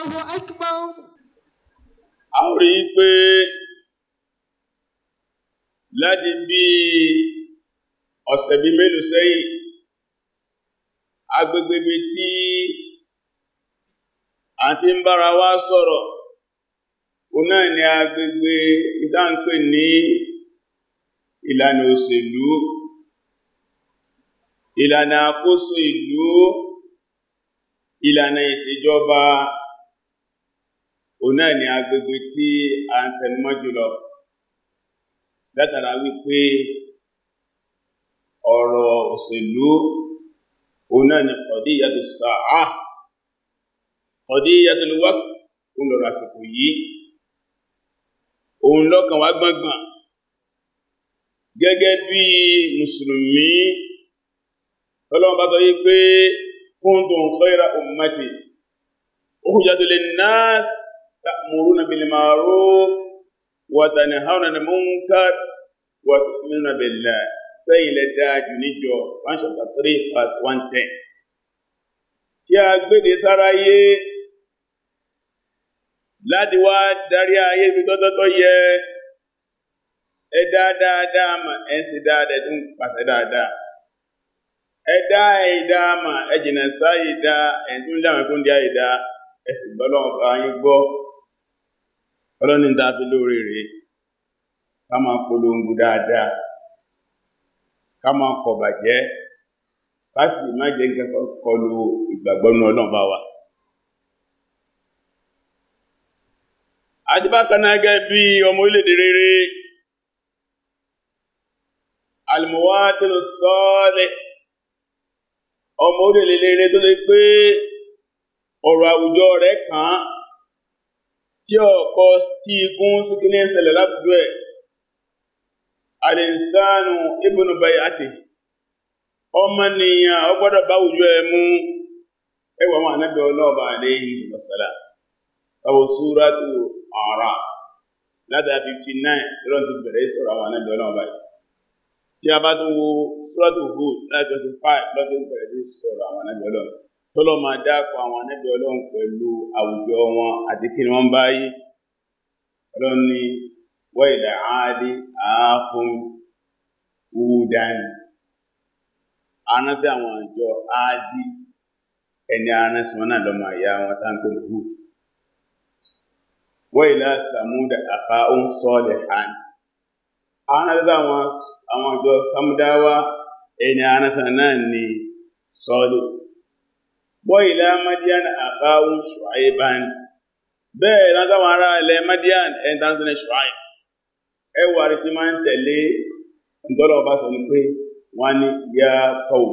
Allahu Akbar. A ó rí i pé láti bí ọ̀sẹ̀ bí mélòó sẹ́yìn, agbègbè bí tí a ti ń bára wa sọ̀rọ̀, òun náà ni agbègbè ìdáǹpè ní ìlànà òṣèlú, ìlànà àkóso ìlú, ìlànà ìṣèjọba òun náà ni agbègbè tí a ń tẹnumọ́ jùlọ látara wípé ọ̀rọ̀ òṣèlú òun náà ni qadiyatus sa'a qadiyatul waqt òun lọ̀rọ̀ àsìkò yìí òun lọ́kàn wá gbọ́ngbọ̀n gẹ́gẹ́ bí mùsùlùmí ọlọ́run bá tọ́ yí pé kuntum khayra ummati ukhrijat lin nas تأمرون بالمعروف وتنهون عن المنكر وتؤمنون بالله sẹ́yìnlẹ̀ dáa jù níjọ 1 chapter 3 verse 110 tí a gbéde sáráyé láti wá darí ayé ibi tọ́tọ́tọ́ yẹ ẹ dá dáadáa mà ẹ ń ṣe dáadáa ẹ tún pàṣẹ dáadáa ẹ dá ẹ̀dá mà ẹ jìnà sáyé dá ẹ tún dáhùn ẹkún dí àyè dá ẹ sì gbọ́ lọ́wọ́ yín gbọ́ ọlọ́ni ń dábí lórí rẹ̀ ká máa polongo dáadáa ká máa kọ̀ ká sì má jẹ́ kọlu ìgbàgbọ́nú ọlọ́ọ̀bá wa. adébákanágẹ́ bí ọmọ orílẹ̀-èdè rere almuwatilu salih ọmọ orílẹ̀-èdè rere tó lè pé ọ̀rọ̀ àwùjọ ọkọ tí igun síkíní ń ṣẹlẹ̀ lábùdó ẹ̀ àlìsánù ibùnú báyìí àti ọmọnìyàn ó gbọ́dọ̀ bá wùjọ ẹ mú ẹwà wọn ànábẹ̀ ọlọ́ọ̀bà àléyìn ìmọ̀sálà ọwọ́ súrátù ààrà ti bẹ̀rẹ̀ sọ̀rọ̀ tọ́lọ́ máa dáàpọ̀ àwọn ànábì ọlọ́run pẹ̀lú àwùjọ wọn àti kí ni wọ́n bá yí ọlọ́run ni wa ila aadi aahum wudan aránsí àwọn àjọ aadi ẹni aránsí wọn náà lọ́mọ àyà wọn táǹkó lùhù wa ila samuda akhahum salihan aránsí àwọn àjọ samudawa ẹni aránsí náà ni sọ́ọ̀lẹ̀ وإلى مدين أخاهم شعيبا bẹ́ẹ̀ látàwọn ará ilẹ̀ madian ẹ̀ntánzẹ́lẹ̀ ṣùáì ẹwà rí tí máa ń tẹ̀lé ǹdọ́lọ̀ ọba sọ ní pé wọ́n ní ya kọ́wù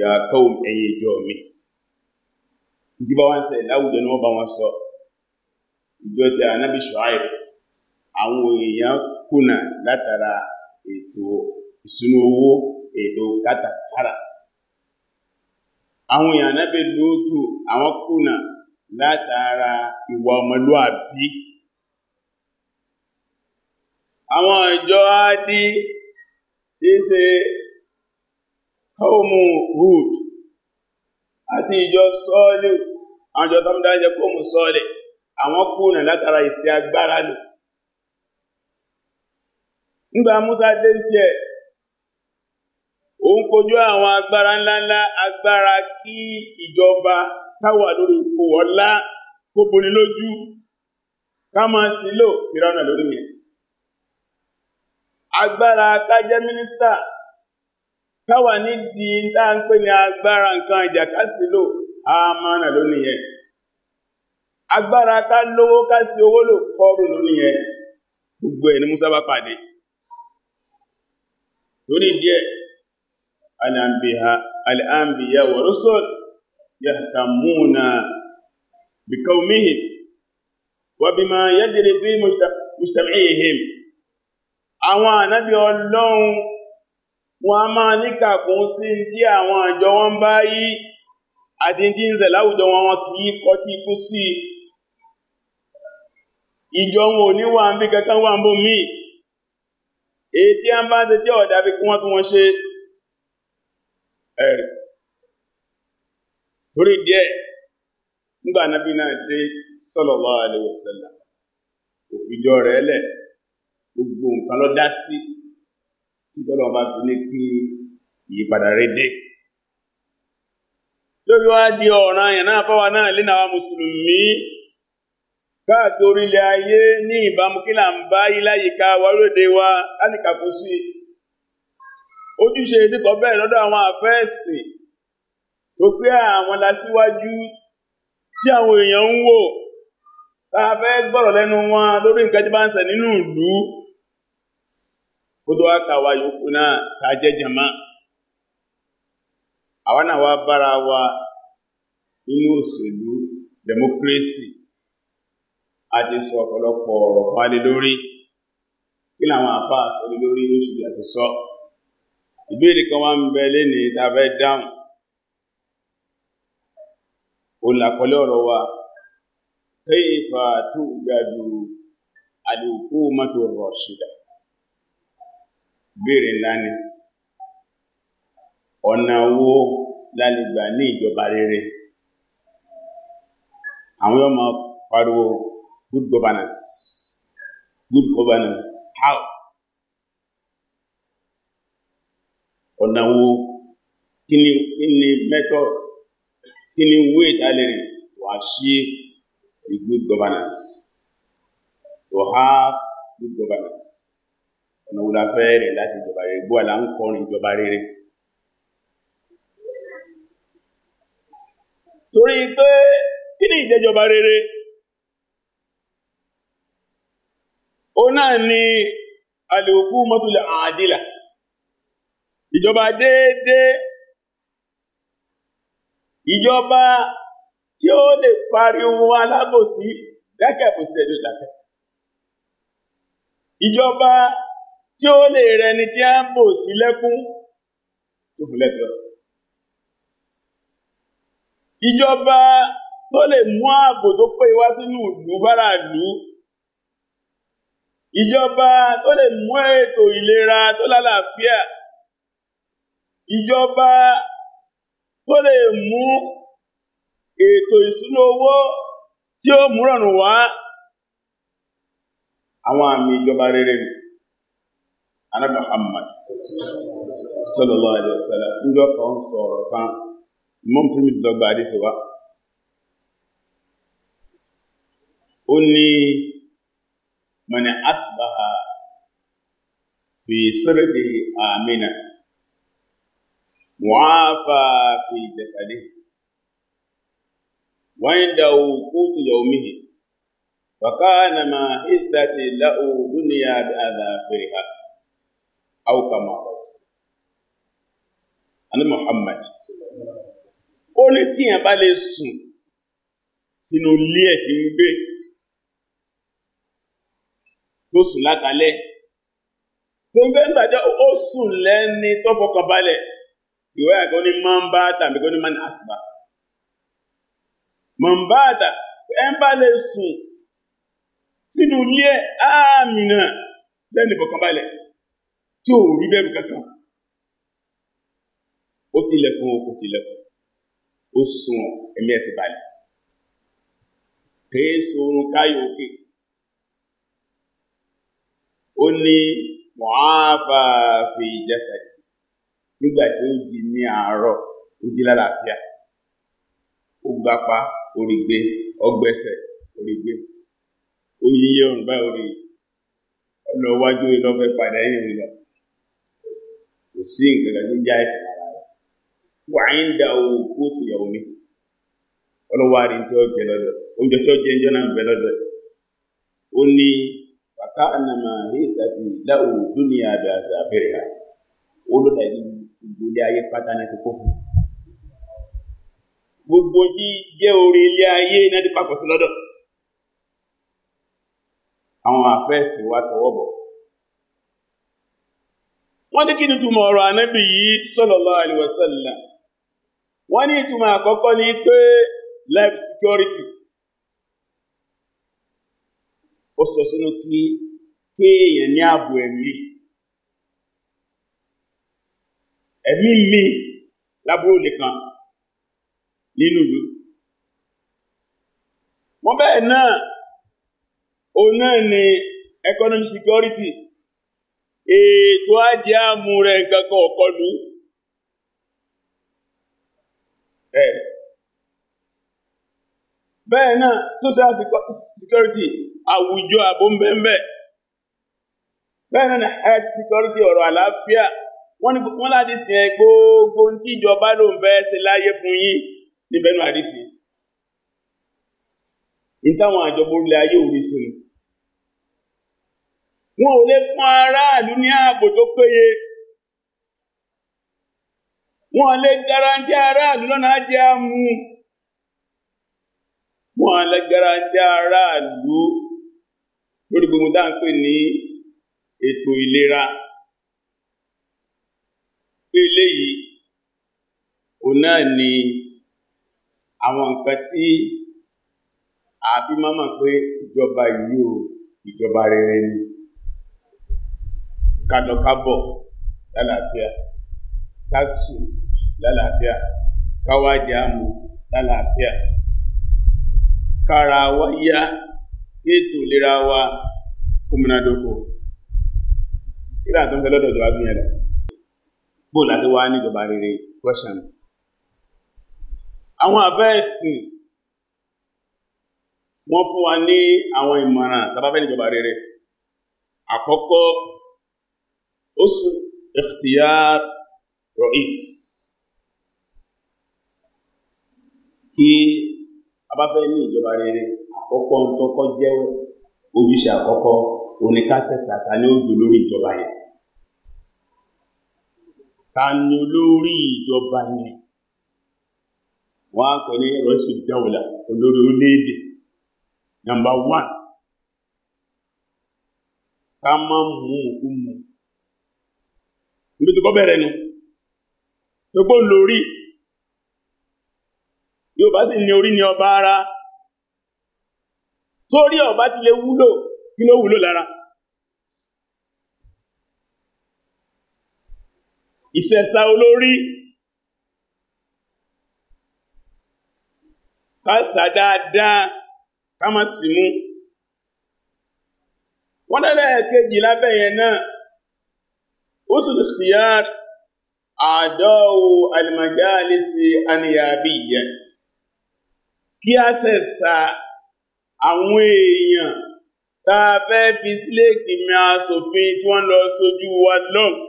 ya kọ́wù ẹ̀yẹ ìjọ mi ìjíbá wọn sẹ̀ láwùjọ ni wọn sọ ìjọ ti ànábì ṣùáì àwọn èèyàn kùnà látara ètò ìṣúná owó ètò kátàkárà àwọn èèyàn anábì lóòtù àwọn kùnà látara ìwà ọmọlúàbí àwọn ìjọ ádí tí í ṣe kọ́ọ̀mù àti ìjọ sọ́ọ̀lẹ̀ àwọn ìjọ tọ́mọdá jẹ kọ́ọ̀mù sọ́ọ̀lẹ̀ àwọn kùnà látara ìsẹ́ agbára lò Musa ó ń kojú àwọn agbára ńláńlá agbára kí ìjọba káwà lórí ipò ọlá kó boni lójú ká máa sí lò ìrànà lórí mi agbára ká mínísítà káwà nídìí tá ń pè ní agbára nǹkan ìjà ká sí lò á máa nà lónìí yẹn agbára ká lówó الأنبياء الأنبياء والرسل يهتمون بقومهم وبما يجري في مجتمعهم àwọn ànábì ọlọ́run wọn a máa níkàkún sí tí àwọn àjọ wọn bá yí àdíndí láwùjọ wọn wọn kì í tí kú sí ìjọ wọn ò ní wà ń bí kankan wà ń bò míì èyí tí a ń bá ń ṣe tí ọ̀dà fi kún wọn ṣe ẹ̀rì eh, torí díẹ̀ nígbà nábì náà dé sallallahu alaihi wasallam òfìjọ rẹ̀ lẹ̀ gbogbo ọba tó ní kí ìyípadà rẹ̀ lórí wá di ọ̀ràn àyàn náà fáwa náà lé náà ayé ní ìbámu kí là ń bá ojúṣe tí kò bẹ́ẹ̀ lọ́dọ̀ àwọn àfẹ́ẹ̀sìn tó pé àwọn lásíwájú tí àwọn èèyàn ń wò tá a fẹ́ gbọ́rọ̀ lẹ́nu wọn lórí nǹkan tí bá ń ṣe nínú ìlú kó tó wá kàwá yòókù náà ká jẹ́ àwa wá bára wa nínú òṣèlú democracy a ti sọ ọ̀pọ̀lọpọ̀ ọ̀rọ̀ lórí kí làwọn àṣẹ lórí lóṣù yàtọ̀ sọ. ìbéèrè kan wá ń bẹ lẹ́ni tàbẹ́ dáhùn olàkọlẹ́ ọ̀rọ̀ wa kayfa tu'jadu al-hukumatu ar-rashida béèrè ńlá ni ọ̀nà wo lálẹ́gbà ní ìjọba rere àwọn ọmọ pariwo good governance good governance how ọ̀nà wo kí ni kí ni method kí ni way a good governance to have good governance ọ̀nà wo la fẹ́ rìn láti ìjọba rere bó àlà ń kọrin ìjọba rere. torí pé kí ni ìjẹjọba rere ó náà ni al-hukumatul adila ìjọba déédéé ìjọba tí ó lè pariwo alábòsí dákẹ́ àbòsí ẹjọ́ dákẹ́ ìjọba tí ó lè rẹni tí a ń bò sí lẹ́kún tó kù lẹ́tọ̀ọ́ ìjọba tó lè mú ààbò tó pé wá sínú ìlú fáráàlú ìjọba tó lè mú ètò ìlera tó lálàáfíà ìjọba tó lè mú ètò ìṣúná owó tí ó mú rọrùn wá àwọn àmì ìjọba rere ni Ànábì Muhammad sallallahu alaihi wasallam ńjọ kan sọ̀rọ̀ kan mọmpirimi dọgba adisi wa ó ní mọni asibaha fi sẹrẹdi amina. mu'afa fi jasadihi wa indahu qutu فكان ما عزة له دنيا بأذافرها أو كما قال أنا محمد ó tí tíyàn bá lè sùn sínú ilé ẹ̀ tí ń gbé tó sùn látàlẹ́ gbogbo ó ìwé àkọ́ ní mọ́nbáàtà àbí kó ní mọ́n àsìbà mọ́nbáàtà ẹ ń bá lè sùn sínú ilé ààmì náà lẹ́nu kọ̀ọ̀kan balẹ̀ tí ò rí bẹ́ẹ̀ kankan ó tilẹ̀kùn ó tilẹ̀kùn ó sùn ẹ̀mí ẹ̀sìn balẹ̀ kèé sorun káyọ̀ òkè ó ní wàá bá fi jẹ́sẹ̀ nígbà tí ó jí ní àárọ̀ ó jí lálàáfíà ó gbapa orí gbé ọgbẹ́sẹ̀ orí o yi orí ọ̀nà iwájú ìlọ́fẹ́ padà yìí lọ kò sí nǹkan kan tó já ẹsẹ̀ ara rẹ̀ wà ń da owó kóòtù ìyàwó mi ọlọ́wọ́ àrí tí ó jẹ lọ́dọ̀ oúnjẹ tí ó jẹ ń náà ń bẹ lọ́dọ̀ ó ní bàtà ànàmà ìgbòlé ayé pátá náà ti kó fún gbogbo tí jẹ́ orí ilé ayé náà ti papọ̀ sí lọ́dọ̀ àwọn àfẹ́ẹ̀sì wa tọwọ́ bọ̀ wọ́n ní kí ni túmọ̀ ọ̀rọ̀ ànábì yìí sallallahu alaihi wasallam wọ́n ní ìtumọ̀ àkọ́kọ́ ni pé life security ó sọ sínú kí kéèyàn ní ààbò ẹ̀mí ẹ̀mí mi lábúrò nìkan nínú ìlú wọ́n bẹ́ẹ̀ náà òun náà ni economic security ètò ajé àmú rẹ̀ nǹkan kan ọ̀kọlù ẹ̀ bẹ́ẹ̀ náà social security àwùjọ àbò ń bẹ́ẹ̀ bẹ́ẹ̀ náà health security ọ̀rọ̀ àlàáfíà wọ́n ní ládìsí yẹn gbogbo tí ìjọba ló ń ẹ́ ṣe láyé fún yín níbẹ̀nú àdìsí ní táwọn àjọba orílẹ̀ ayé òrí sí ni wọn ò lè fún aráàlú ní ààbò tó péye wọn lè garanti aráàlú lọ́nà ajé amú wọn lè garanti aráàlú lórí gbogbo dáńpé ní ètò ìlera. pé eléyìí òun náà ni àwọn nǹkan tí àbí mọ́mọ̀ pé ìjọba yìí o ìjọba rere ni kàdọ̀kábọ̀ lálàáfíà kásù lálàáfíà káwájì àmú lálàáfíà kára wa yá ètò ìlera wa kúmúnádókò kí láàtọ́ ń bẹ lọ́dọ̀ ìjọba gbìyànjú bó láti wá níjọba rere question àwọn àbẹ́ ẹ̀sìn wọ́n fún wa ní àwọn ìmọ̀ràn tàbábẹ́ níjọba rere àkọ́kọ́ ó sún ikhtiyar ra'is kí a bá fẹ́ ní ìjọba rere àkọ́kọ́ ń tọ́kọ́ jẹ́ ojúṣe àkọ́kọ́ oníkásẹ̀sà ta ní ó dùn lórí ìjọba yẹn ta ni olórí ìjọba yẹn wọ́n á pè ní rọ́ọ̀sì dáwọ̀lá olórí orílẹ̀-èdè nàmbà wán ká má mú òkú mu níbi tó kọ́ bẹ̀rẹ̀ nu tó gbó yóò bá sì ní orí ní ọba ara torí ọba ti lè wúlò kí ló wúlò lára. ìṣẹ̀ṣà olórí ká sà dáadáa ká má sì mú wọ́n lẹ́lẹ́ kejì lábẹ́ yẹn náà usul ikhtiyar àdọ́wò alìmọ̀jálisi aniyabiyya kí a ṣẹ̀ṣà àwọn èèyàn tá a fẹ́ sílé ìgbìmọ̀ asòfin tí wọ́n lọ sójú wa lọ́hùn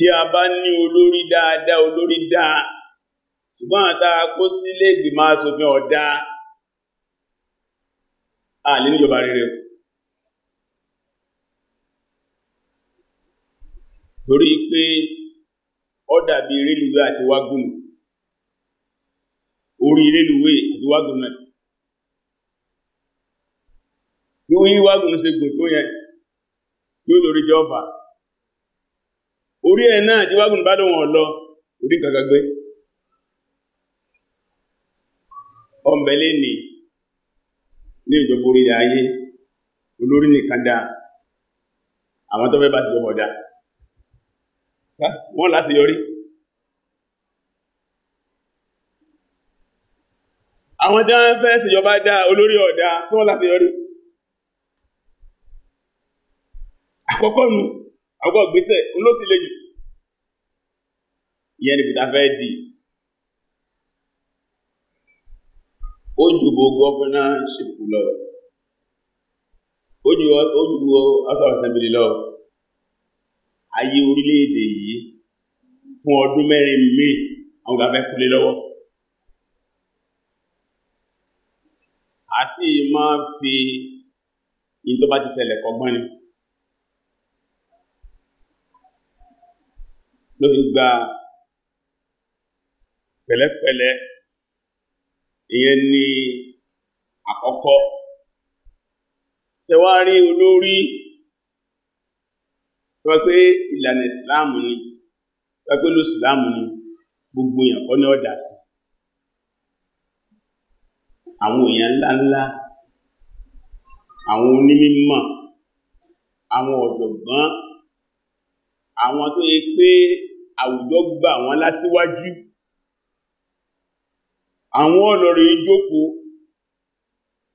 tí a bá ní olórí dáadáa olórí dáa ṣùgbọ́n àtà kó sí ilé ìgbìmọ̀ aṣòfin ọ̀dá àlè níjọba rere torí pé ó dàbí rélùwé àti wágùnù orí rélùwé àti wágùnù yíwí wágùnù ṣe gùn tó yẹn yóò lórí jọba orí ẹ̀ náà tí wágùn bá lóhun ọ̀lọ́ orí kankan gbé ni ní ìjọba orí ayé olórí nìkan dáa àwọn tó fẹ́ bá ti jọmọ̀ dáa wọ́n láti yọrí àwọn tí wọ́n fẹ́ ṣèjọba dáa olórí ọ̀dá tí wọ́n láti yọrí àkọ́kọ́ nù àwọn ìgbésẹ̀ olóṣìlẹ̀ yìí ìyẹn níbi tá fẹ́ dì ó ju bo governorship lọ ó ju ó ju house of assembly lọ ayé orílẹ̀-èdè yìí fún ọdún mẹ́rin míì àwọn ìgbà fẹ́ kúlé lọ́wọ́ a sì máa fi in tó ti ṣẹlẹ̀ kọgbọ́n ni ló pẹ̀lẹ́pẹ̀lẹ́ ìyẹn ni àkọ́kọ́ tẹwàá rí olórí tọ́ pé ìlànà ìsìláàmù ni tọ́ pé ló ìsìláàmù ni gbogbo èèyàn kọ́ ní ọ̀dà sí àwọn èèyàn ńláńlá àwọn onímọ̀ àwọn ọ̀jọ̀gbọ́n àwọn tó yẹ pé àwùjọ gbà wọ́n lásíwájú si àwọn ọlọ́rẹ̀ ìjókòó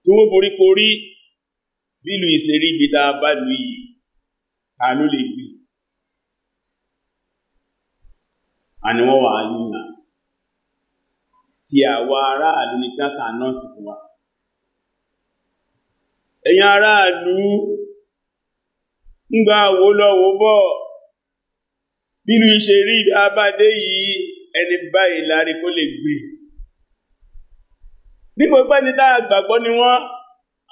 tí wọ́n borí korí bílù ìsẹ̀rí ìgbìta bá lù yìí tàánú lè gbì àníwọ́n wà nínà tí àwa aráàlú ní káàkà náà sì fún wa ẹ̀yin aráàlú ń gba àwò lọ́wọ́ bọ́ bílù ìṣẹ̀rí ìgbà yìí ẹni báyìí lárí kó lè gbìí bí gbogbo ẹni tá a gbàgbọ́ ni wọ́n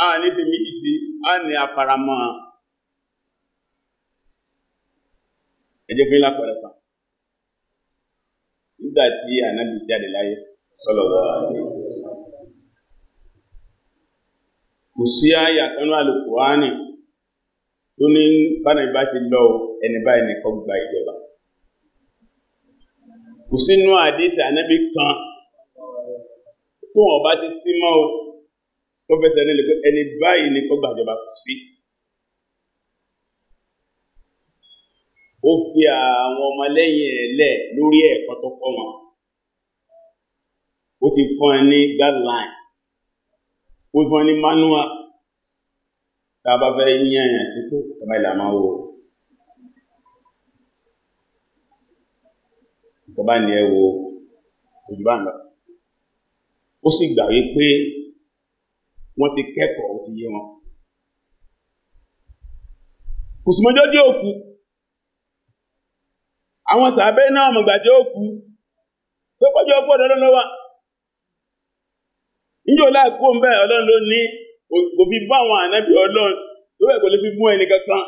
a ní ṣe méjì sí a ní aparamọ́ ẹjẹ́ fún ìlàpẹ̀rẹ̀ kan nígbà tí ànábì jáde láyé sọ́lọ̀wọ́ kò sí àyà kanú àlùkùránì tó ní bánà ìbá ti lọ ẹni báyìí nìkan gba ìjọba kò sínú àdísì ànábì kan tó wọn bá ti sí mọ́ o tó fẹsẹ̀ nílẹ̀ pé ẹni báyìí ni kó gbàjọba kù sí. ó fi àwọn ọmọlẹ́yìn ẹ̀ lẹ̀ lórí ẹ̀kọ́ tó kọ́ wọn ó ti fún ẹ ní guideline ó fún ẹ ní manual tá a bá fẹ́ yíyan ẹ̀ sípò ọmọ ìlà máa wò ó. ìjọba ni ẹ wo ojúbà náà. ó sì gbà wípé wọ́n ti kẹ́kọ̀ọ́ ó ti yé wọn kùsùmọ́jọ́ jẹ́ òkú àwọn oku, náà mọ̀gbà jẹ́ òkú tó pọ́jọ́ ọpọ́ ọ̀dọ́ lọ́wọ́ níjò láàkó ń bẹ́ ọlọ́run ló ní kò fi bá àwọn ànábì ọlọ́run tó kò lè fi mú ẹni kankan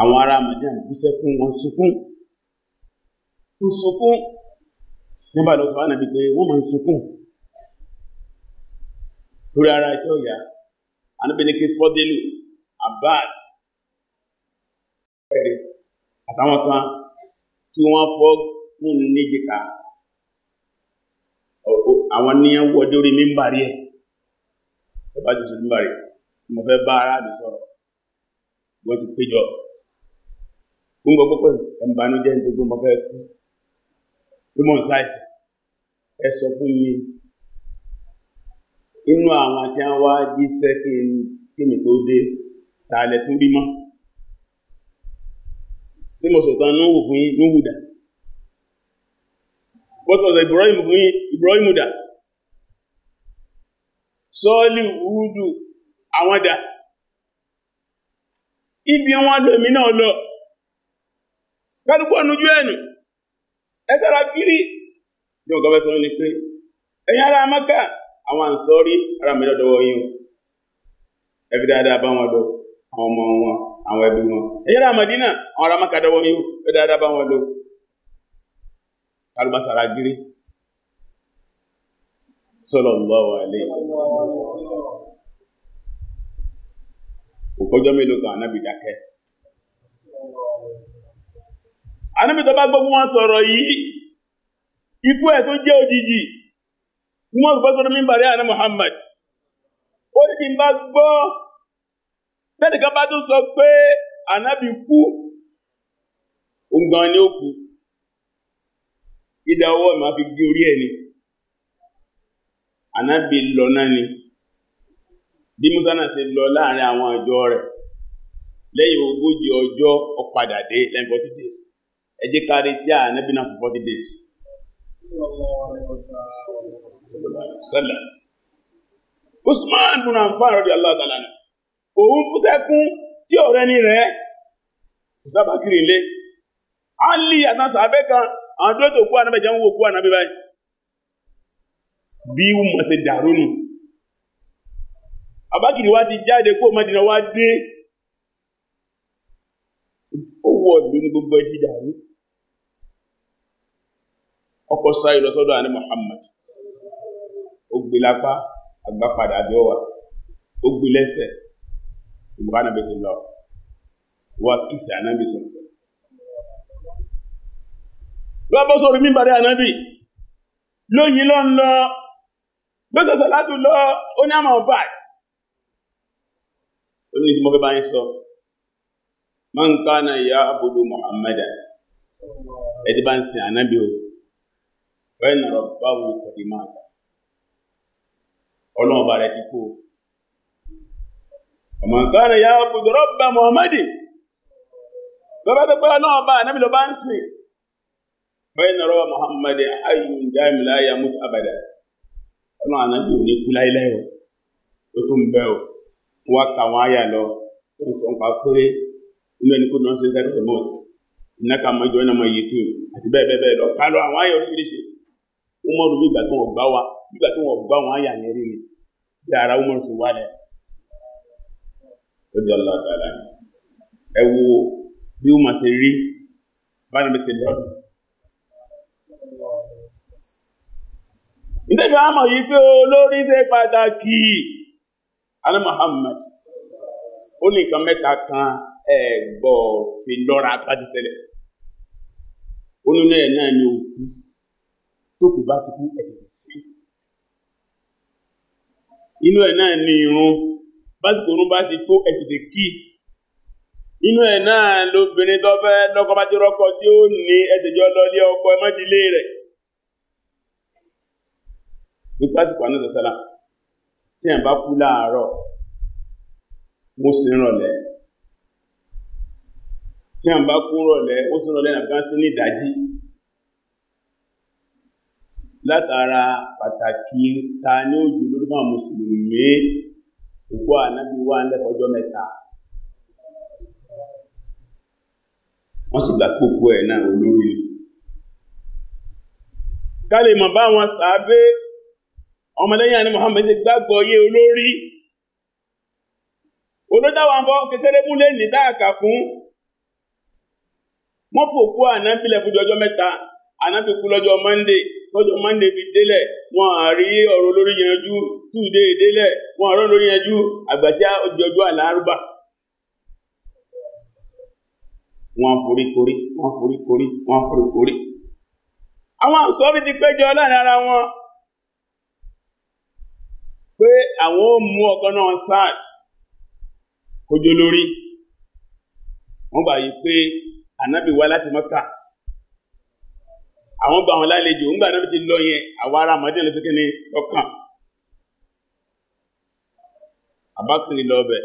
àwọn ará Madian bú sẹ́kún wọn sunkún ń sunkún nígbà lọ sọ wá nàbí pé wọ́n máa ń sunkún lórí ara ẹjọ́ ìyá anábẹ́lẹ́kẹ́ fọ́délù Abbas ẹ̀rẹ́ àtàwọn kan kí wọ́n fọ́ kún níjìká àwọn ní wọ́n dórí mímbàrí ẹ̀ ẹ̀bá jùsùn mímbàrí mo fẹ́ bá ara mi sọ̀rọ̀ wọ́n ti péjọ gbogbo pẹ́pẹ́ ẹ̀mbánújẹ́ nítorí mo fẹ́ kú human size ẹ sọ fún mi inú àwọn àti àwọn ajíṣẹ́ kí mi tó dé tààlẹ̀ tún bí mọ́ tí mo sọ̀tọ̀ núhù fún yí núhù dà bọ́tọ̀lọ̀ Ibrahim fún yí Ibrahim dà sọ́ọ̀lì wúdù àwọn dà ibi wọn lọ èmi náà lọ kálukú ọ̀nujú ẹnu ẹ sára kiri ní ọ̀gá bẹ́sọ̀ ní pé ẹ̀yin ará Mẹ́kà àwọn àǹsọ́rí ará mi lọ́dọ̀ yín ẹbí dáadáa bá wọn àwọn ọmọ wọn àwọn ẹbí wọn ẹ̀yin ará na àwọn ará Mẹ́kà dọ́wọ́ yín ẹbí dáadáa bá wọn kálukú kiri òkọjọ́ mélòó kan anábì tó bá gbogbo wọn sọ̀rọ̀ yìí ikú ẹ̀ tó jẹ́ òjijì wọn gbọ́ sọ́dọ̀ mímbàrí àná Muhammad ó ní kí n bá gbọ́ tẹ́nìkan bá tún sọ pé anábì kú òun ni ó kú ìdá ọwọ́ ìmá fi gé orí ẹ̀ ni anábì lọ náà ni bí Musa náà ṣe lọ láàrin àwọn ọjọ́ rẹ̀ lẹ́yìn ogójì ọjọ́ ó dé lẹ́yìn 40 days ẹ jẹ́ ká retí ànábì náà for forty days. sẹ́lẹ̀ Usman bin Affan radiyallahu ta'ala ni òun kú sẹ́kún tí ọ̀rẹ́ ni rẹ̀ sábàkiri ilé Ali àtàsà abẹ́ kan àwọn tó tó kú ànábì jẹun wò kú ànábì báyìí bí wọ́n mọ̀ sí dàrú nù abákiri ti jáde kó Mádínà wá dé ó wọ̀ ọ̀dùn ní gbogbo dàrú ọkọ̀ sáyé lọ sọ́dọ̀ àní Muhammad ó gbé lápá àgbápadà àbí ọwà ó gbé lẹ́sẹ̀ ìmúra náà bẹ̀rẹ̀ lọ wá kìsì ànábì sọ̀tẹ̀ lọ́bọ̀ sórí mímbàrí ànábì lóyìn lọ ń lọ gbẹ́sẹ̀ sàlátù lọ ó ní àmà ọba ó ní ìdí mo fẹ́ bá yín sọ man kana ya abudu Muhammadan ẹ ti bá ń sin ànábì o bẹ́ẹ̀ni ọ̀rọ̀ báwo kọ̀dí máa dà ọlọ́run bá rẹ̀ ti kú ọmọ nǹkan rẹ̀ yá ọkùnrin ọba Muhammadin bàbá tó pé ọlọ́run bá anábì ló bá ń sìn bẹ́ẹ̀ni ọ̀rọ̀ Muhammadin ayù dáìmìlá yamut abada ọlọ́run anábì ò ní kú láíláí o ó tó ń bẹ́ o wá kàwọn àyà lọ tó ń sọ nípa pé inú ẹni kó náà ṣe ń tẹ́tẹ̀ mọ́ọ̀tì ìnáka mọ́jọ́ náà mọ́ iye tó àti bẹ́ẹ̀ bẹ́ẹ̀ lọ kálọ̀ àwọn àyà oríṣiríṣi umaru bí ìgbà tó wọ́n gbá wa bí ìgbà tó gbá wọn àyà yẹn ni bí umaru sì wà lẹ. ó di ọlọ́ọ̀ dáadáa ni ẹ wo bí umaru ṣe rí báyìí bí ṣe kan fi lọ́ra pàdé sẹ́lẹ̀ náà ni tó kù bá ti kú ẹ̀tẹ̀tẹ̀ sí inú ẹ̀ náà ni irun básìkò irun bá ti tó ẹ̀tẹ̀tẹ̀ kí inú ẹ̀ náà lóbìnrin tó fẹ́ lọ́kọ bá ti rọ́kọ tí ó ní ẹ̀tẹ̀jọ́ lọ́lé ọkọ ẹmọ́dílé rẹ̀ ní pásìkò àná tẹ̀sálà tí ẹ̀ bá kú láàárọ̀ mo sì ń rọ̀lẹ́ tí ẹ̀ bá kú rọ̀lẹ́ ó sì ń rọ̀lẹ́ nàbí wọ́n sí ní ìdájí látara pàtàkì ta ní òjò lórúkọ mùsùlùmí òkú ànábí wá ń mẹ́ta wọ́n sì gbà ẹ̀ náà olórí ká lè mọ̀ bá wọn sàábé ọmọlẹ́yìn àní Muhammad ṣe gbàgbọ yé olórí olódáwà ń kékeré ní dáàkà fún fòkú lọ́jọ́ monday fi délẹ̀ wọn à rí ọ̀rọ̀ olórí yanjú tuesday délẹ̀ wọn àrọ́ lórí yanjú àgbàtí ọjọ́jọ́ àlárúbà wọn forí korí wọn forí korí wọn forí korí àwọn àǹsọ́rí ti péjọ láàrin ara wọn pé àwọn ó mú ọkọ náà sáàd kójó lórí wọn gbà pé ànábì láti mọ́kà àwọn gba àwọn lálejò ńgbà náà ti lọ yẹn àwọn ará Madina lọ sí kíni ọkàn abakiri lọbẹ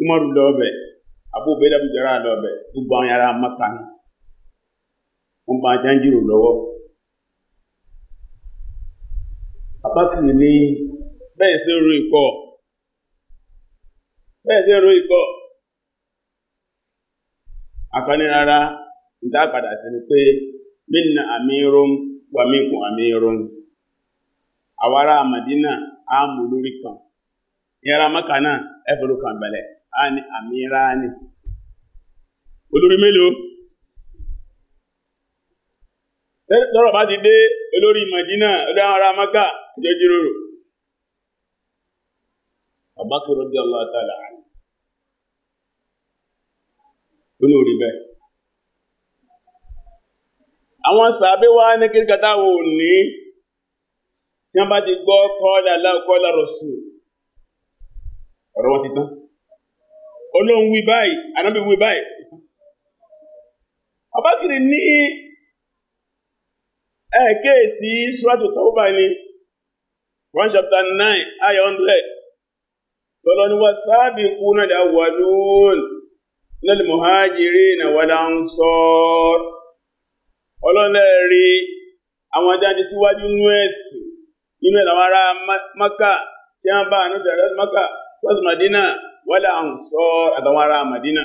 umaru lọbẹ abubakar abujara lọbẹ gbogbo àwọn ará Maka ni wọn bá janjiro lọwọ abakiri ní bẹ́ẹ̀ sí ro ikọ bẹ́ẹ̀ sí ro ikọ̀ akanirara. ìdá padà sí ni pé minna amirun wa minkum amirun àwọn ará Madina á mú lórí kan ìyára maka náà ẹfẹ̀lú kan bẹ̀lẹ̀ á ní àmìírá ní olórí mélòó lọ́rọ̀ bá ti dé olórí Madina olóhàn ará maka jíròrò Abubakar radiyallahu ta'ala anhu olórí bẹ́ẹ̀ àwọn sàbí wá ní kíríkà táwọn ò ní tí wọ́n bá ti gbọ́ kọ́lá aláàkọ́lá rọ̀sù ọ̀rọ̀ wọn ti tán olóhun wí báyìí anábì wí báyìí Abákiri ní ẹ̀ẹ́kẹ́ẹ̀sí Suratu Tawbah ni one chapter nine ayé hundred tọ́lọ́ ni was-sabiquna al-awwalun minal muhajirin wal ansar. ọlọ́lẹ̀ rí àwọn jáde síwájú nú ẹ̀sìn nínú maka tí wọ́n bá àánú láti maka wọ́n madina wọ́lẹ̀ àwọn sọ àtàwọn ará madina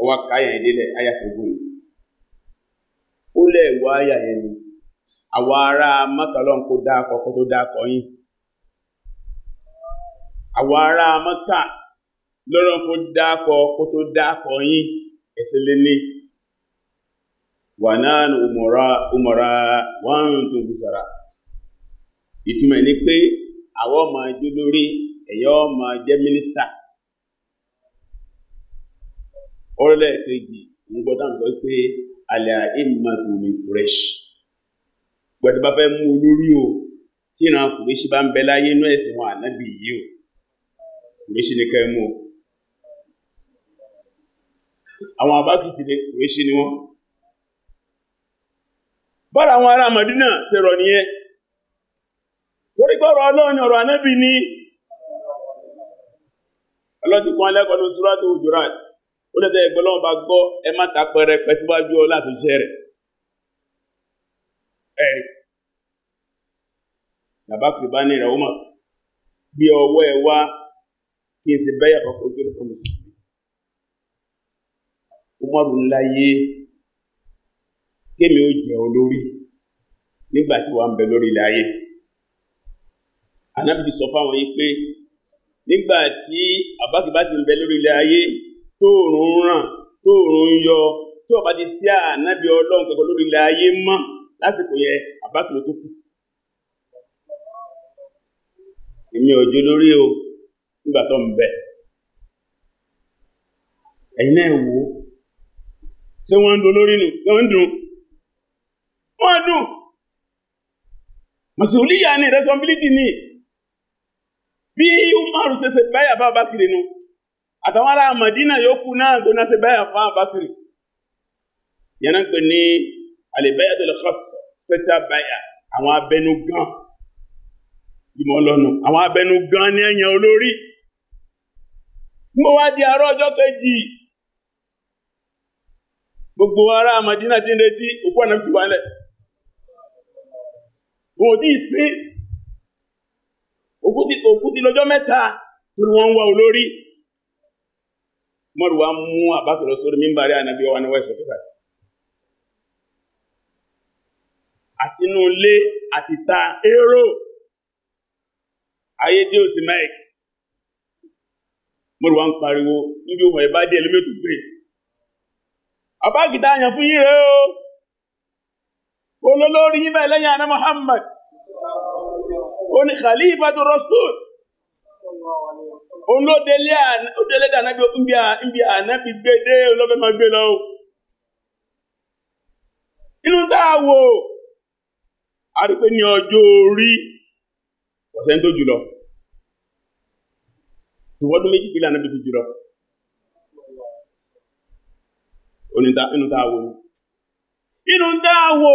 ó káyà ìdílẹ̀ ayàtọ̀gùn ó lẹ̀ ayà ni àwọn maka lọ́n kó dákọ̀ kó tó dákọ̀ yìí àwọn ará maka kó kó tó wà náà umara umara wọ́n tó ń sara ìtumọ̀ ní pé àwọn ọmọ ajó lórí ẹ̀yọ́ ọmọ jẹ́ mínísítà ọ̀rẹ́lẹ̀ kejì ń gbọ́dá sọ pé alẹ́ àìmọ̀tò mi kùrẹ́ṣì gbọ́dọ̀ bá fẹ́ mú olórí o tí ìran kùrẹ́ṣì bá ń bẹ láyé inú ẹ̀sìn wọn ànábì yìí o kùrẹ́ṣì ní kẹ́ mú o àwọn abákùsí ní kùrẹ́ṣì ni wọ́n bọ́rọ̀ àwọn ará Mọ̀dínà ṣe rọ̀ nìyẹn torí gbọ́rọ̀ ọlọ́run ọ̀rọ̀ anábì ní ó bá gbọ́ ẹ má ta pẹrẹ pẹ síwájú ọlá àtúnṣe rẹ̀ ẹ̀rì bàbá kìí ní ìràwọ́ mọ̀ bí ọwọ́ ẹ wá kí n sì bẹ́yà kọ́kọ́ ojú ó kémi ó jẹ olórí nígbà tí wàá ń bẹ lórí ilẹ̀ ayé anábìbí sọ fáwọn yìí pé nígbà tí àbákìbá sì ń bẹ lórí ilẹ̀ ayé tóòrùn ràn tóòrùn yọ tí ọba ti sí ànábì ọlọ́run kankan lórí ilẹ̀ mọ́ lásìkò yẹn àbákìló tó kù èmi ò jó lórí o nígbà tó ń bẹ ẹ̀yin náà wò ó ṣé wọ́n ń dun lórí nù ṣé wọ́n ń dun wọ́n dùn mọ̀sùlùyà ni responsibility ni bí umaru ṣe ṣe báyà fún abakiri nu àtàwọn ará madina yòókù náà gbóná ṣe báyà fún abakiri yẹn náà pè ní alibáyà tó lè kọ́ pèsè àbáyà àwọn abẹnú gan ìmọ̀ lọ́nà àwọn abẹnú gan ní ẹ̀yàn olórí mo wá di àárọ̀ ọjọ́ kejì gbogbo ará madina ti ń retí òkú ànáfíìsì wálẹ̀. wọn ò tí sí òkú ti lọ́jọ́ mẹ́ta torí wọ́n wá olórí mú àbákò lọ sórí mímbàrí ànábí wa níwá ìsọ̀kẹ́ báyìí àtinú àti ta èrò ayé dé òsì mike mọ́rù wa ń pariwo níbi ohun ẹ̀bá dé ẹlẹ́mẹ́tò pé àbákìtà àyàn fún olólórí yín bẹ́ẹ̀ lẹ́yìn àná Muhammad ó ní khalifatu rasul olódélé ànábi níbi ànábi gbédé olófẹ́ máa gbé lọ o inú tá a wò a rí pé ní ọjọ́ orí ọ̀sẹ̀ ń tó jùlọ ìwọ́dún méjì pílẹ̀ ànábi fi jùlọ inú tá a wò inú tá a wò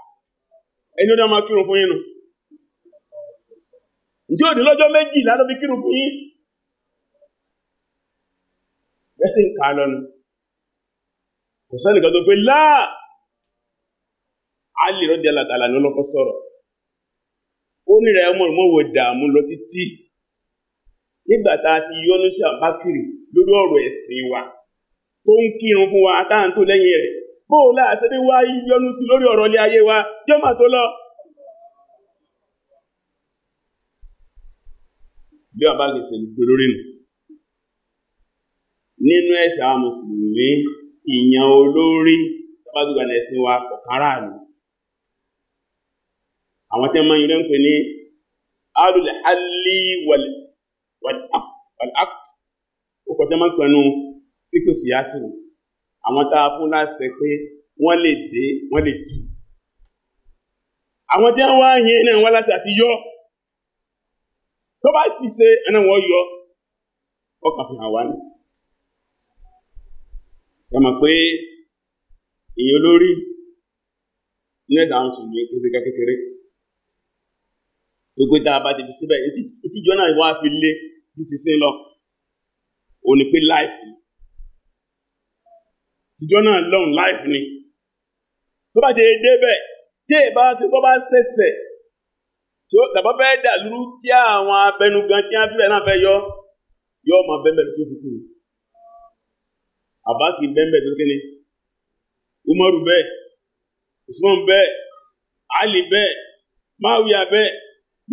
ẹni ló dá máa kírun fún yín nù ǹjẹ́ òdì lọ́jọ́ méjì ládọ́ fi kírun fún yín ẹsẹ̀ ń kà á lọ́nu kò sẹ́nìkan tó pé láà á lè rọ́dí alàtàlà ní ọlọ́kọ́ sọ̀rọ̀ ó ní rẹ̀ ọmọ ìmọ̀wò dààmú lọ títí nígbà tá a ti yọ́nú sí àbákiri lórí ọ̀rọ̀ ẹ̀sìn wa tó ń kírun fún wa táà lẹ́yìn rẹ̀ bóun láà wá yọnu sí lórí ọ̀rọ̀ ilé wa yóò mà tó lọ. bí ọba lè ṣe gbé lórí nù nínú ẹ̀sìn àwọn mùsùlùmí ìyàn olórí tábàdùgbà ẹ̀sìn wa kọ̀kárà ni àwọn tí wọ́n ń pè ní alùlẹ̀ ó kọjá máa ń àwọn tá a fún láṣẹ pé wọ́n lè dé wọ́n lè tù àwọn tí wọ́n wá yẹn náà wọ́n láṣẹ àti yọ tó bá sì ṣe ẹ̀nà wọ́n yọ ọkàn fún àwa ni ẹ mọ̀ pé èyí olórí ní ẹ̀sà àwọn sùn ní kéṣeká kékeré gbogbo tá bá ti síbẹ̀ ìtìjọ́ náà wọ́n fi lé bí ti sí lọ òní pé láìpẹ́ tìjọ́ náà long life ni tó bá ti débẹ̀ tí èèbá tó bá ṣẹ̀ṣẹ̀ tí ó dàbọ̀ fẹ́ dàlúrú tí àwọn abẹnugan tí wọ́n fi náà fẹ́ yọ yọ ọmọ bẹ́ẹ̀ tó fi kúrò àbá kì tó kéde umaru bẹ́ẹ̀ usman bẹ́ẹ̀ ali bẹ́ẹ̀ mawiya bẹ́ẹ̀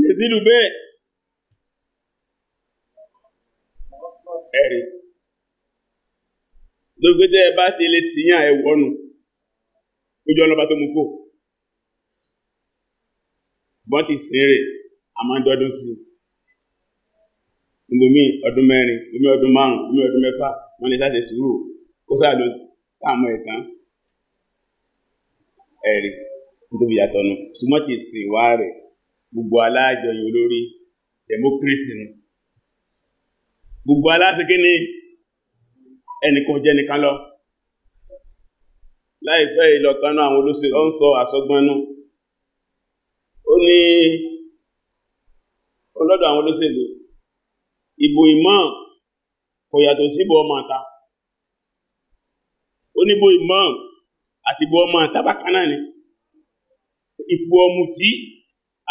yezidu bẹ́ẹ̀ ẹ̀rí lórí pé ẹ bá ti lè síyàn ẹ wọ́nu ojú ọlọ́ba tó mú kó bọ́n ti sìn rè àmọ́ dọ́dún sí ìgbòmí ọdún mẹ́rin ìgbòmí ọdún márùn ìgbòmí ọdún mẹ́fà wọ́n lè sáṣẹ sùúrù kó sáà táàmù ẹ̀kan ẹ̀rí nítorí yàtọ̀ nù ṣùgbọ́n ti sìn wá rẹ̀ gbogbo alájọyìn olórí democracy ni gbogbo aláṣẹ ni ẹnìkan jẹ́ nìkan lọ láìpẹ́ ìlọ̀kanú àwọn olóṣèlú ó ń sọ àsọgbọ́nú ó ní ọlọ́dọ̀ àwọn olóṣèlú ìbò ìmọ̀ kò yàtọ̀ síbò ọmọ àta ó níbò ìmọ̀ àti ìbò ọmọ àta bákanáà ni ìpò ọmùtí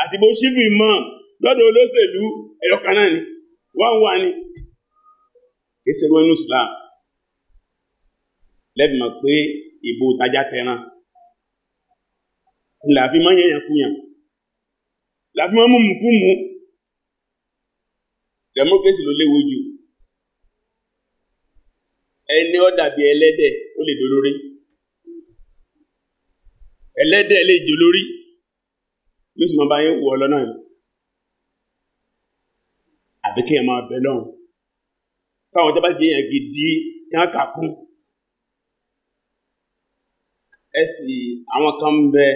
àti ìbò ṣífù ìmọ̀ lọ́dọ̀ olóṣèlú ẹ̀yọkanáà ni wọ́n wà ní ìṣèlú inú Islam lẹ́bìmọ̀ pé ìbò tajà tẹran làfi mọ́ yẹn kúyàn làfi mọ́ mú mùkú mú democracy ló léwu jù ẹni ó dàbí ẹlẹ́dẹ̀ ó lè dolórí ẹlẹ́dẹ̀ lè jẹ olórí yóò sì máa bá yín wọ lọ́nà yìí àbí máa bẹ lọ́hùn káwọn tó bá jẹ yàn gidi kí kà kún ẹ sì àwọn kan ń bẹ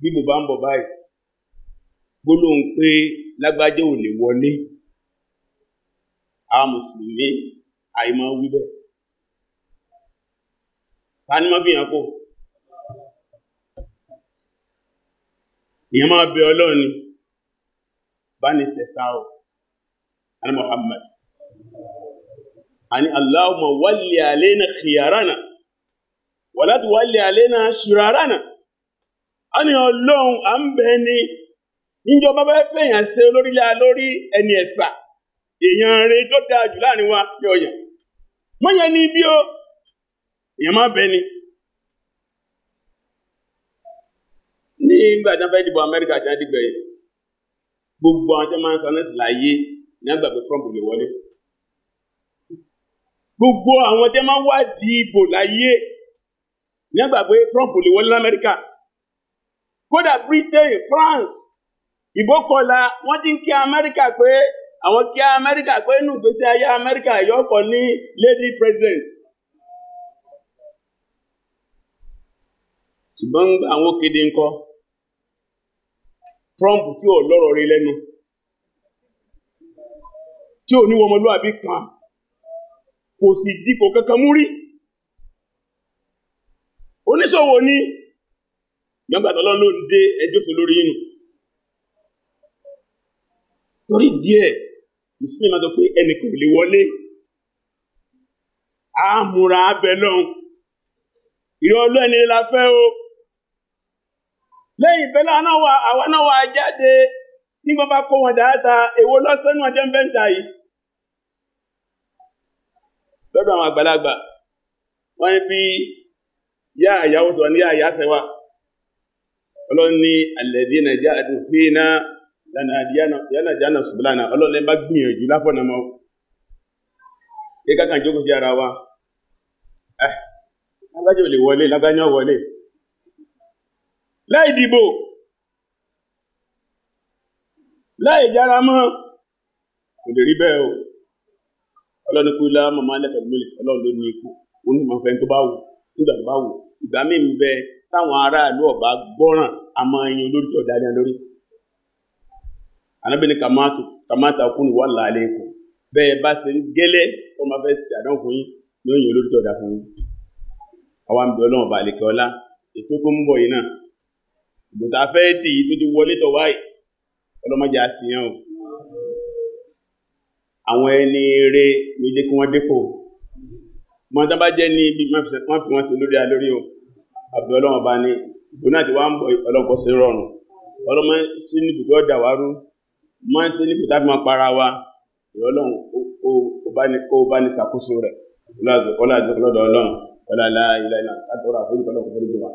bí mo bá ń bọ̀ báyìí gbólóhùn pé lágbájá ò lè wọlé àwọn mùsùlùmí àìmọ̀ wí bẹ́ẹ̀ ta ni wọ́n bìyàn kò máa bẹ ọlọ́run ni bá sẹ̀sá o ani Muhammad ani Allahumma walli alaina khiyarana wọ̀lá tó wà lè náà ṣùrọ̀ ara nà ọlọ́run à ń bẹ ni níjọba bá fẹ̀yàn ṣe olórílẹ̀ ẹni ẹ̀sà èèyàn rẹ̀ tó dáa jù láàrin wa ní ọ̀yàn mọ́yàn ní bí ó èèyàn má ni. ní ìgbà tí wọ́n dìbò Amẹ́ríkà tí wọ́n gbogbo àwọn tí wọ́n máa ń ní Trump lè wọlé gbogbo àwọn tí wọ́n máa ìbò láyé ní àgbà Trump lè wọlé lamẹ́ríkà kódà Britain France ìbókọlá wọ́n ti ń kí Amẹ́ríkà pé àwọn kí Amẹ́ríkà pé inú ìgbésí ayé Amẹ́ríkà yọ̀ọ̀kọ̀ ní lady president. ṣùgbọ́n àwọn kéde ńkọ́ Trump tí ò lọ́rọ̀ rí lẹ́nu tí ò ní wọmọlúwàbí kan kò sì dípò kankan mú rí oníṣòwò ní gbọ́gbàtọ́lọ́ ló ń dé ẹjọ́fò lórí inú torí díẹ̀ mùsùlùmí máa sọ pé ẹnìkan ò lè wọlé àmúra abẹ lọ́hun ìrọ̀ ọlọ́ẹni la fẹ́ o lẹ́yìn ìbẹ́lá àwa náà wà jáde ní bàbá kó wọn dáadáa èwo lọ́sẹ́nu ọjọ́ ń yìí lọ́dọ̀ àwọn àgbàlagbà wọ́n ní bíi yá àyáwó sọ ní àyá sẹwà ọlọ́run ní àlẹ́dí nàìjíríà àti fínà lánàájáná ṣùgbọ́nà ọlọ́run bá gbìyànjú lápọ̀nà mọ́ ẹ kákan jókòó sí ara wa ẹ eh, lágbájọ́ lè wọlé lágbájọ́ wọlé láì dìbò láì jára mọ́ kò lè rí bẹ́ẹ̀ o ọlọ́run kú lá màmá lẹ́kọ̀ọ́ mọ́lẹ̀ ọlọ́run ló ní ipò ó ní màá fẹ́ tó bá wù ú nígbà tó bá wù ìgbà míì ń bẹ táwọn aráàlú ọba gbọ́ràn a máa yan olórí tí ọ̀dà yẹn lórí. anábìnrin kàmáàtò kàmáàtò akúni wà láàlẹ́ ikùn bẹ́ẹ̀ bá ṣe ń gẹ́lẹ́ tó máa fẹ́ ṣe àdánwò fún yín ni ó olórí tí ọ̀dà fún yín. àwa ń bẹ ọlọ́run ọba àlekè ọlá ètò tó ń bọ̀ yìí náà ìgbòtà fẹ́ dì í tó ti wọlé tọ̀ wáyé ọlọ́mọdé àṣìyàn o àwọn ẹni eré ló jẹ́ kí wọ́n dépò mọ tó bá jẹ́ ní ibi má fi wọ́n sí lórí alórí o àbí ọlọ́run bá ní ìbò náà ti wá ń bọ̀ ọlọ́pọ̀ sí rọrùn ọlọ́mọ sí níbi tó dà wá rú mọ́ sí níbi tá a fi máa para wa ìrọ̀lọ́run ó bá ní ṣàkóso rẹ̀ ọlọ́dọ̀ ọlọ́run ọlọ́lá ilẹ̀ náà látọ̀rọ̀ àforíjì ọlọ́run foríjì wa.